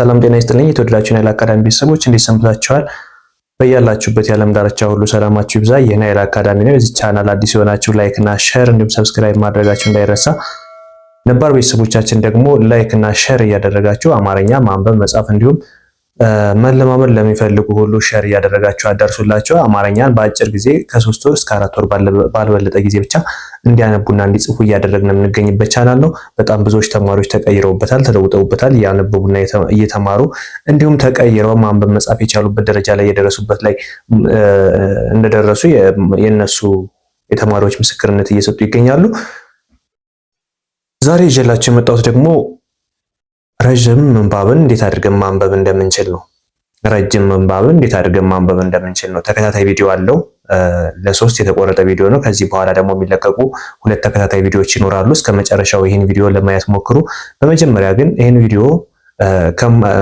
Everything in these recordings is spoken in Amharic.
ሰላም ጤና ይስጥልኝ። የተወደዳችሁ ናይል አካዳሚ ቤተሰቦች እንዴት ሰንብታችኋል? በያላችሁበት የዓለም ዳርቻ ሁሉ ሰላማችሁ ይብዛ። ይህ ናይል አካዳሚ ነው። የዚህ ቻናል አዲስ የሆናችሁ ላይክ እና ሸር እንዲሁም ሰብስክራይብ ማድረጋችሁ እንዳይረሳ፣ ነባር ቤተሰቦቻችን ደግሞ ላይክ እና ሼር እያደረጋችሁ አማርኛ ማንበብ መጻፍ እንዲሁም መለማመድ ለሚፈልጉ ሁሉ ሸር እያደረጋቸው አዳርሱላቸው። አማርኛን በአጭር ጊዜ ከሶስት ወር እስከ አራት ወር ባልበለጠ ጊዜ ብቻ እንዲያነቡና እንዲጽፉ እያደረግን የምንገኝበት ቻናል ነው። በጣም ብዙዎች ተማሪዎች ተቀይረውበታል፣ ተለውጠውበታል፣ እያነበቡና እየተማሩ እንዲሁም ተቀይረው ማንበብ መጻፍ የቻሉበት ደረጃ ላይ የደረሱበት ላይ እንደደረሱ የነሱ የተማሪዎች ምስክርነት እየሰጡ ይገኛሉ። ዛሬ ይዤላቸው የመጣሁት ደግሞ ረዥም ምንባብን እንዴት አድርገን ማንበብ እንደምንችል ነው። ረጅም ምንባብን እንዴት አድርገን ማንበብ እንደምንችል ነው። ተከታታይ ቪዲዮ አለው። ለሶስት የተቆረጠ ቪዲዮ ነው። ከዚህ በኋላ ደግሞ የሚለቀቁ ሁለት ተከታታይ ቪዲዮዎች ይኖራሉ። እስከ መጨረሻው ይህን ቪዲዮ ለማየት ሞክሩ። በመጀመሪያ ግን ይህን ቪዲዮ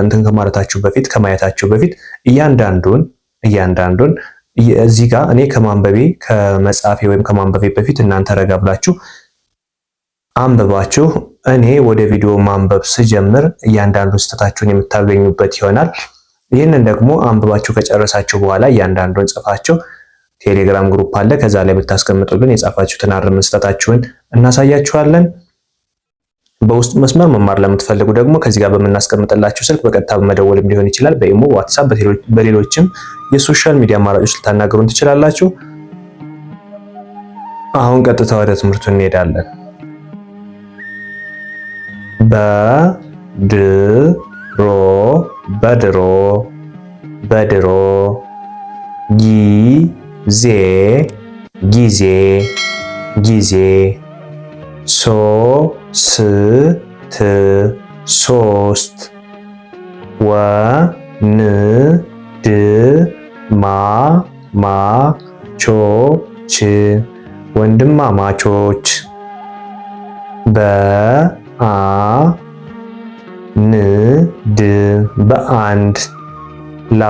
እንትን ከማለታችሁ በፊት ከማየታችሁ በፊት እያንዳንዱን እያንዳንዱን እዚህ ጋር እኔ ከማንበቤ ከመጻፌ ወይም ከማንበቤ በፊት እናንተ ረጋ ብላችሁ አንብባችሁ እኔ ወደ ቪዲዮ ማንበብ ስጀምር እያንዳንዱ ስህተታችሁን የምታገኙበት ይሆናል። ይህንን ደግሞ አንብባችሁ ከጨረሳችሁ በኋላ እያንዳንዱን ጽፋችሁ ቴሌግራም ግሩፕ አለ። ከዛ ላይ ብታስቀምጡልን የጻፋችሁትን አርምን ስህተታችሁን እናሳያችኋለን። በውስጥ መስመር መማር ለምትፈልጉ ደግሞ ከዚህ ጋር በምናስቀምጥላችሁ ስልክ በቀጥታ በመደወልም ሊሆን ይችላል። በኢሞ፣ ዋትሳፕ፣ በሌሎችም የሶሻል ሚዲያ አማራጮች ልታናገሩን ትችላላችሁ። አሁን ቀጥታ ወደ ትምህርቱ እንሄዳለን። በድሮ በድሮ በድሮ ጊዜ ጊዜ ጊዜ ሶስት ሶስት ወንድማማቾች ወንድማማቾች በ አ ን ድ በአንድ ላ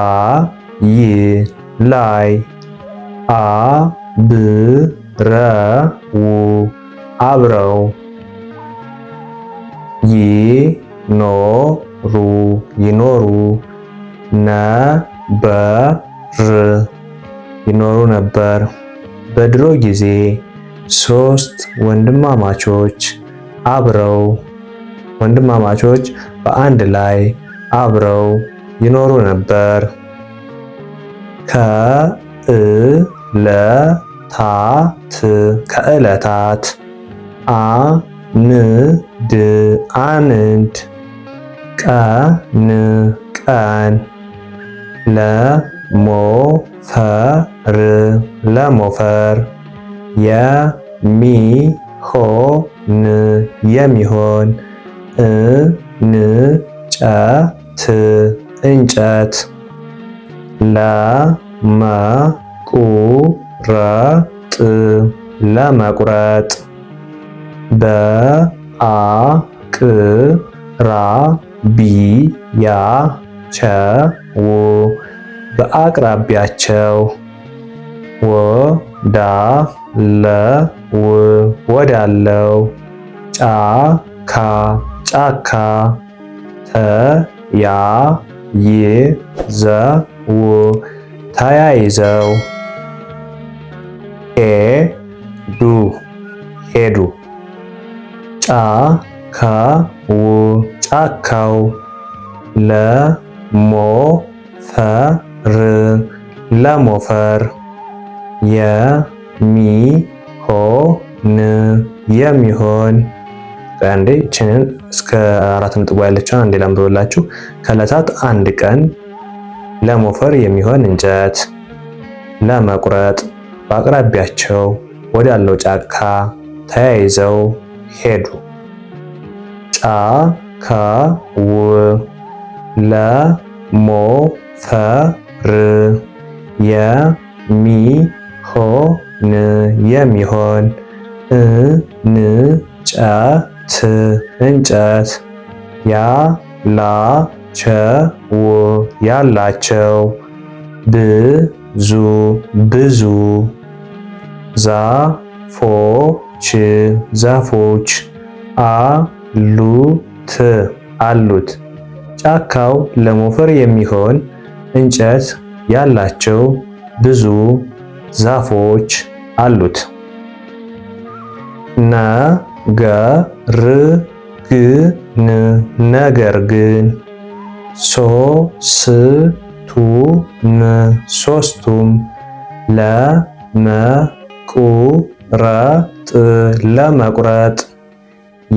ይ ላይ አ ብ ረ ው አብረው ይ ኖ ሩ ይኖሩ ነ በ ር ይኖሩ ነበር። በድሮ ጊዜ ሶስት ወንድማማቾች አብረው ወንድማማቾች በአንድ ላይ አብረው ይኖሩ ነበር። ን ድ አንድ ን ቀን ቀን ለሞፈር ለሞፈር ሆ ን የሚሆን እ ን ጨ ት እንጨት ላ ማ ቁ ጥ ለመቁረጥ በ አ ቅ ራ ቢ ያ ቸ ው በአቅራቢያቸው ወ ዳ ለ ው ወዳለው ጫካ ጫካ ተ ያ ይ ዘ ው ተያይዘው ሄ ዱ ሄዱ ጫ ካ ው ጫካው ለ ሞ ፈ ር ለሞፈር የሚ ሆን የሚሆን በአንዴ ችንን እስከ አራት ነጥብ ያለችውን አንዴ ላንብበላችሁ። ከዕለታት አንድ ቀን ለሞፈር የሚሆን እንጨት ለመቁረጥ በአቅራቢያቸው ወዳለው ጫካ ተያይዘው ሄዱ። ጫካው ለሞፈር የሚሆን የሚሆን እንጨት ት እንጨት ያ ላ ቸ ው ያላቸው ብ ዙ ብዙ ዛ ፎ ች ዛፎች አ ሉ ት አሉት ጫካው ለሞፈር የሚሆን እንጨት ያላቸው ብዙ ዛፎች አሉት ና ገርግን ግን ነገር ግን ሶስቱም ሶስቱም ለመቁረጥ ለመቁረጥ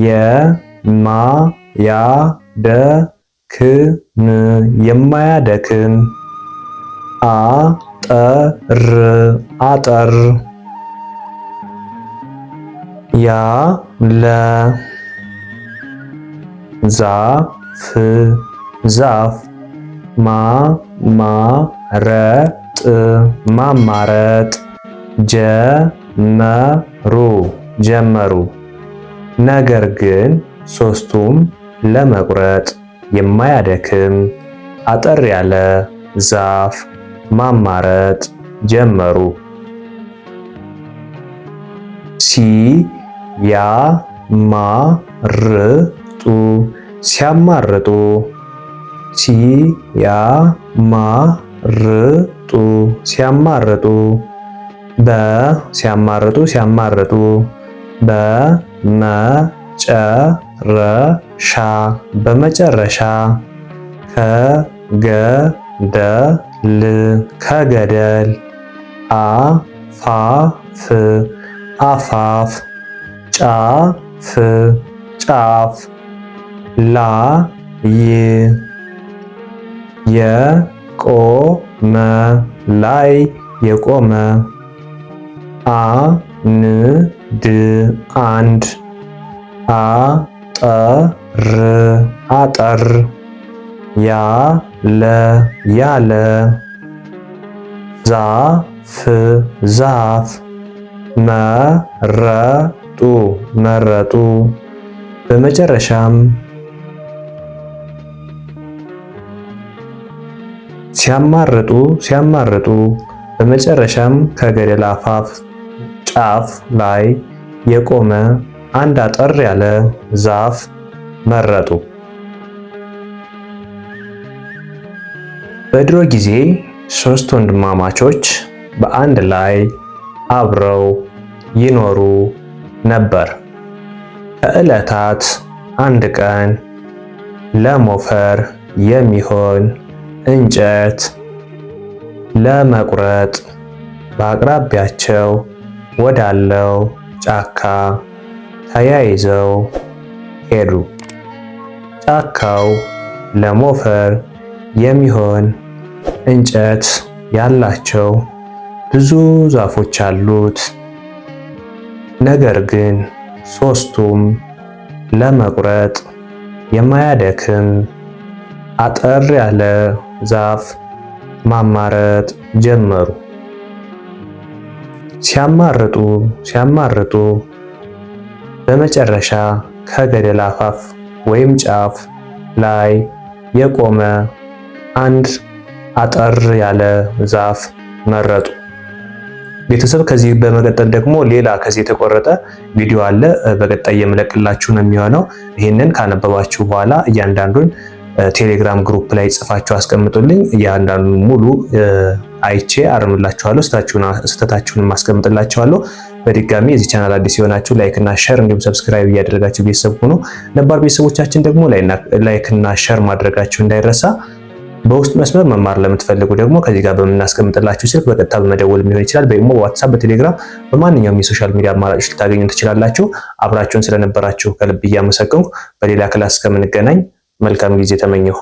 የማያደክም የማያደክም አጠር አጠር ያ ለ ዛፍ ዛፍ ማ ማ ረ ጥ ማማረጥ ጀ መ ሩ ጀመሩ። ነገር ግን ሶስቱም ለመቁረጥ የማያደክም አጠር ያለ ዛፍ ማማረጥ ጀመሩ ሲ ያማርጡ ሲያማርጡ ሲያማርጡ ሲያማርጡ በ ሲያማርጡ ሲያማርጡ በመጨረሻ በመጨረሻ ከገደል ከገደል አፋፍ አፋፍ ጫፍ ጫፍ ላይ የቆመ ላይ የቆመ አንድ ር አጠር አጠር ያለ ያለ ዛፍ ዛፍ መረ መረጡ። በመጨረሻም ሲያማርጡ ሲያማርጡ በመጨረሻም ከገደል አፋፍ ጫፍ ላይ የቆመ አንድ አጠር ያለ ዛፍ መረጡ። በድሮ ጊዜ ሶስት ወንድማማቾች በአንድ ላይ አብረው ይኖሩ ነበር። ከዕለታት አንድ ቀን ለሞፈር የሚሆን እንጨት ለመቁረጥ በአቅራቢያቸው ወዳለው ጫካ ተያይዘው ሄዱ። ጫካው ለሞፈር የሚሆን እንጨት ያላቸው ብዙ ዛፎች አሉት። ነገር ግን ሶስቱም ለመቁረጥ የማያደክም አጠር ያለ ዛፍ ማማረጥ ጀመሩ። ሲያማርጡ ሲያማርጡ በመጨረሻ ከገደል አፋፍ ወይም ጫፍ ላይ የቆመ አንድ አጠር ያለ ዛፍ መረጡ። ቤተሰብ ከዚህ በመቀጠል ደግሞ ሌላ ከዚህ የተቆረጠ ቪዲዮ አለ። በቀጣይ የምለቅላችሁ ነው የሚሆነው። ይህንን ካነበባችሁ በኋላ እያንዳንዱን ቴሌግራም ግሩፕ ላይ ጽፋችሁ አስቀምጡልኝ። እያንዳንዱ ሙሉ አይቼ አርምላችኋለሁ፣ ስህተታችሁን አስቀምጥላችኋለሁ። በድጋሚ እዚህ ቻናል አዲስ የሆናችሁ ላይክ እና ሸር እንዲሁም ሰብስክራይብ እያደረጋችሁ ቤተሰብ ሁኑ። ነባር ቤተሰቦቻችን ደግሞ ላይክ እና ሸር ማድረጋችሁ እንዳይረሳ በውስጥ መስመር መማር ለምትፈልጉ ደግሞ ከዚህ ጋር በምናስቀምጥላችሁ ስልክ በቀጥታ በመደወል ሊሆን ይችላል። በኢሞ፣ በዋትሳፕ፣ በቴሌግራም በማንኛውም የሶሻል ሚዲያ አማራጮች ልታገኙ ትችላላችሁ። አብራችሁን ስለነበራችሁ ከልብ እያመሰገንኩ በሌላ ክላስ እስከምንገናኝ መልካም ጊዜ ተመኘሁ።